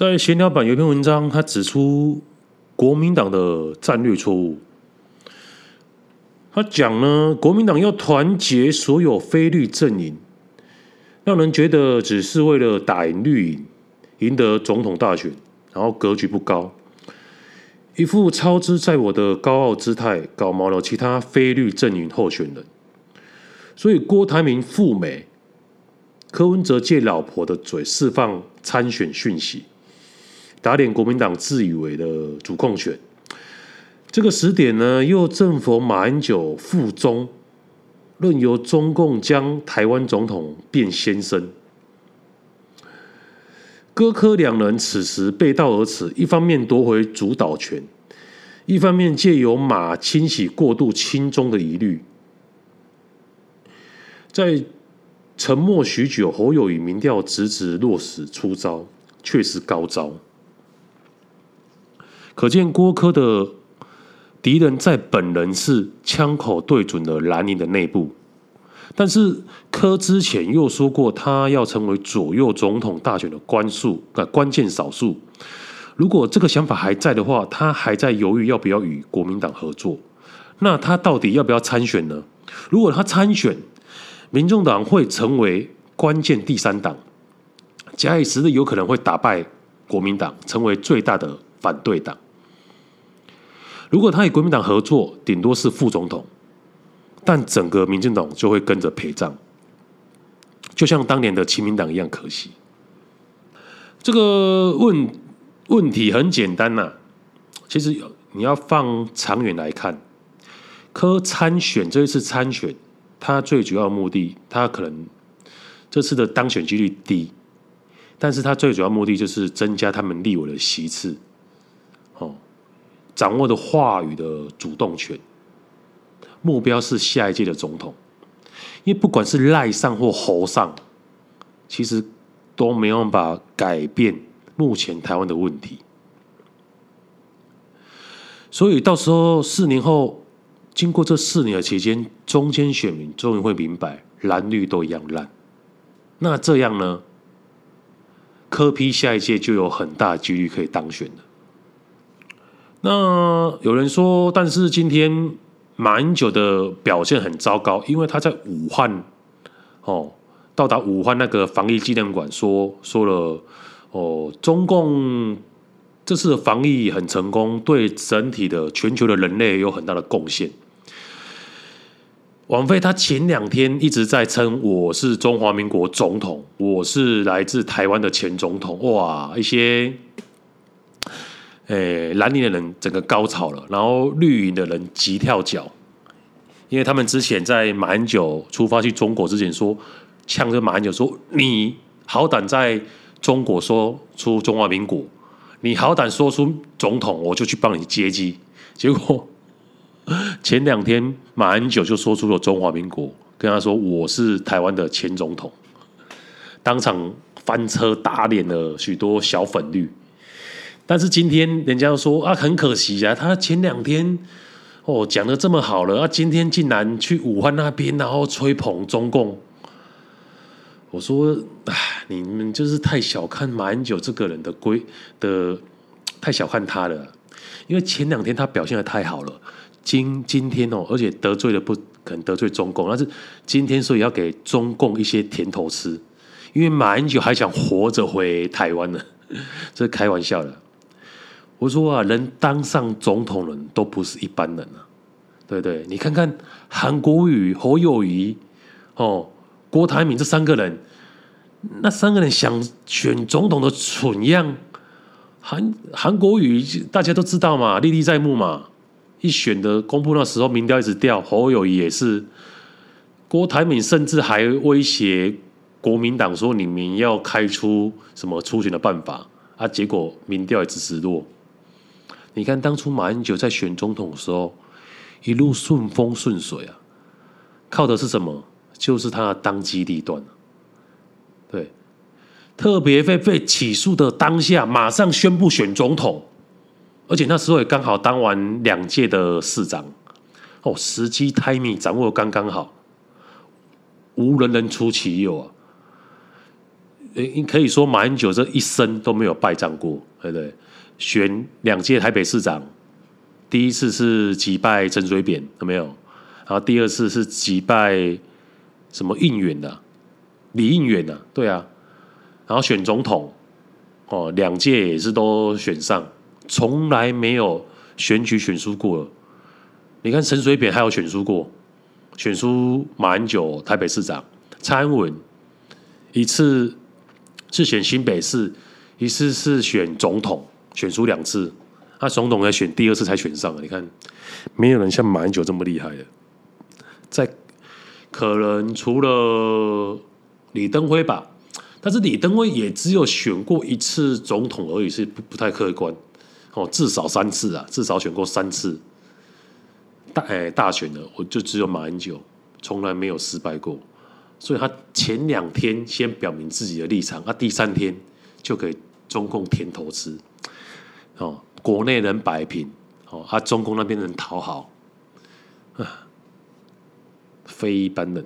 在《閒聊版》有一篇文章，他指出國民黨的戰略錯誤。他講呢，國民黨要團結所有非綠陣營，讓人覺得只是為了打贏綠營、贏得總統大選，然後格局不高，一副操之在我的高傲姿態，搞毛了其他非綠陣營候選人。所以，郭台銘赴美，柯文哲借老婆的嘴釋放參選訊息。打點國民黨自以為的主控權，這個時點呢，又正逢馬英九復中，任由中共將台灣總統變先生。戈科兩人此時背道而馳，一方面奪回主導權，一方面借由馬清洗過度輕中的疑慮，在沉默許久，侯友與民調直直落實出招，確實高招。可見郭柯，的敵人在本人是槍口對準了藍營的內部，但是柯之前又說過他要成為左右總統大選的關數、關鍵少數。如果這個想法還在的話，他還在猶豫要不要與國民黨合作。那他到底要不要參選呢？如果他參選，民眾黨會成為關鍵第三黨，假以時日有可能會打敗國民黨，成為最大的反對黨。如果他與國民黨合作，頂多是副總統，但整個民進黨就會跟着陪葬，就像當年的親民黨一樣可惜。這個問問題很簡單吶、啊，其實你要放長遠來看，柯參選這一次參選，他最主要的目的，他可能這次的當選幾率低，但是他最主要目的就是增加他們立委的席次，哦。掌握的話語的主動權，目標是下一屆的總統，因為不管是賴上或侯上，其實都沒有辦法改變目前台灣的問題。所以到時候四年後，經過這四年的期間，中間選民終於會明白藍綠都一樣爛。那這樣呢，柯 P 下一屆就有很大幾率可以當選了。那有人說，但是今天馬英九的表現很糟糕，因為他在武漢，哦，到達武漢那個防疫紀念館說說了，哦，中共這次的防疫很成功，對整體的全球的人類有很大的貢獻。王菲他前兩天一直在稱我是中華民國總統，我是來自台灣的前總統，哇，一些。誒，欸、藍營的人整個高潮了，然後綠營的人急跳腳，因為他們之前在馬英九出發去中國之前說，嗆着馬英九說，你好歹在中國說出中華民國，你好歹說出總統，我就去幫你接機。結果前兩天馬英九就說出了中華民國，跟他說我是台灣的前總統，當場翻車打臉了許多小粉綠。但是今天人家說啊，很可惜啊，他前兩天哦講得這麼好了，啊，今天竟然去武漢那邊，然後吹捧中共。我說唉，你們就是太小看馬英九這個人的規的，太小看他了。因為前兩天他表現得太好了，今今天哦，而且得罪了不可能得罪中共，但是今天所以要給中共一些甜頭吃，因為馬英九還想活着回台灣呢，這是開玩笑的。我說啊，能當上總統人都不是一般人啊，對不對？你看看韓國瑜、侯友宜、哦、郭台銘這三個人，那三個人想選總統的蠢樣，韓、韓國瑜大家都知道嘛，歷歷在目嘛。一選的公布那時候，民調一直掉，侯友宜也是，郭台銘甚至還威脅國民黨說你們要開出什麼初選的辦法啊，結果民調也直直落。你看當初馬英九在選總統的時候，一路順風順水啊，靠的是什麼？就是他的當機立斷、啊，對，特別被被起訴的當下，馬上宣布選總統，而且那時候也剛好當完兩屆的市長，哦，時機 timing 掌握剛剛好，無人能出其右啊，欸，可以說馬英九這一生都沒有敗仗過，對不對？選兩屆台北市長，第一次是擊敗陳水扁，有沒有？然後第二次是擊敗什麼應援的、啊、李應援啊？對啊。然後選總統哦，兩屆也是都選上，從來沒有選舉選輸過了。你看陳水扁還有選輸過，選輸馬英九台北市長，蔡英文，一次是選新北市，一次是選總統。選出兩次，他、啊、總統才選第二次才選上啊！你看，沒有人像馬英九這麼厲害的，在可能除了李登輝吧，但是李登輝也只有選過一次總統而已，是不不太客觀。哦，至少三次啊，至少選過三次大哎、欸、大選了，我就只有馬英九，從來沒有失敗過，所以他前兩天先表明自己的立場，他、啊、第三天就給中共甜頭吃。哦，國內人擺平，哦，他、啊、中共那邊人討好，啊，非一般人。